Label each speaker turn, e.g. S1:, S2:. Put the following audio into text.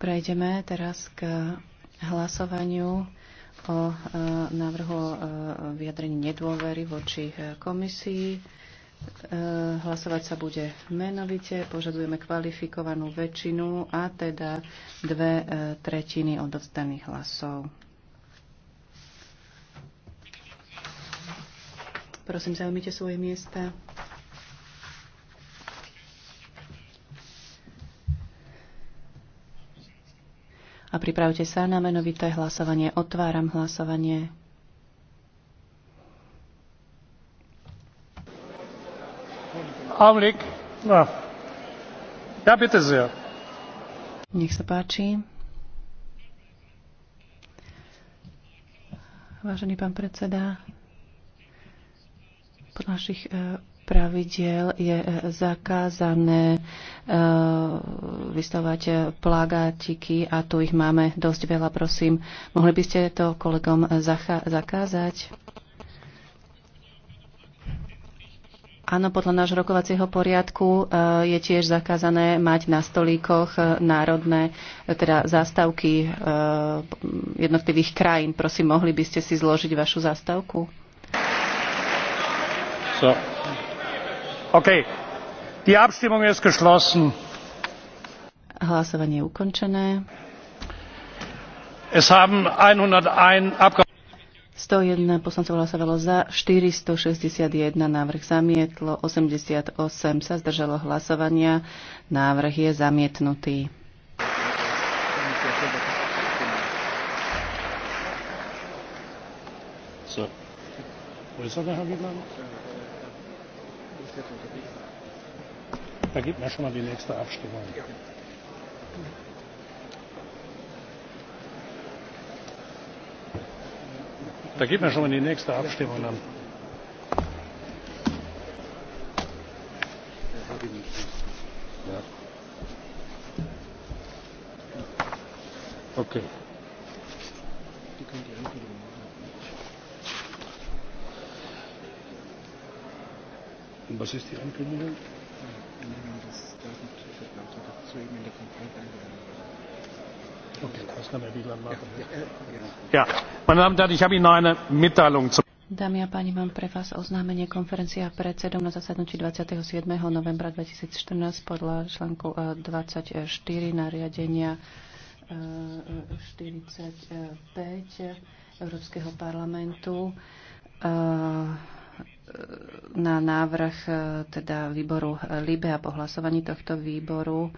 S1: Prejdeme teraz k hlasovaniu o e, návrhu o e, vyjadrení nedôvery voči e, komisii. Hlasovať sa bude menovite, požadujeme kvalifikovanú väčšinu a teda dve tretiny odovzdaných hlasov. Prosím, zaujmite svoje miesta. a pripravte sa na menovité hlasovanie. Otváram hlasovanie. Augenblick. No. Ja, bitte sehr. Nech sa páči. Vážený pán predseda, po našich eh, pravidiel je e, zakázané e, vystavovať e, plagátiky a tu ich máme dosť veľa, prosím. Mohli by ste to kolegom zakázať? Áno, podľa nášho rokovacieho poriadku je tiež zakázané mať na stolíkoch národné teda zástavky jednotlivých krajín. Prosím, mohli by ste si zložiť vašu zástavku? So. Die Abstimmung ist geschlossen. Hlasovanie je ukončené. Es haben 101 Abgeordnete 101 poslancov hlasovalo za, 461 návrh zamietlo, 88 sa zdržalo hlasovania. Návrh je zamietnutý. So. Da gibt mir schon mal die nächste Abstimmung. Da gibt mir schon mal die nächste Abstimmung an. Ja. Okay. Die können die Ankündigung machen. Und was ist die Ankündigung? Dámy a páni, mám pre vás oznámenie konferencia predsedov na zasadnutí 27. novembra 2014 podľa článku 24 eh, nariadenia 45 eh, eh, Európskeho parlamentu na návrh e, teda výboru e, LIBE a po hlasovaní tohto výboru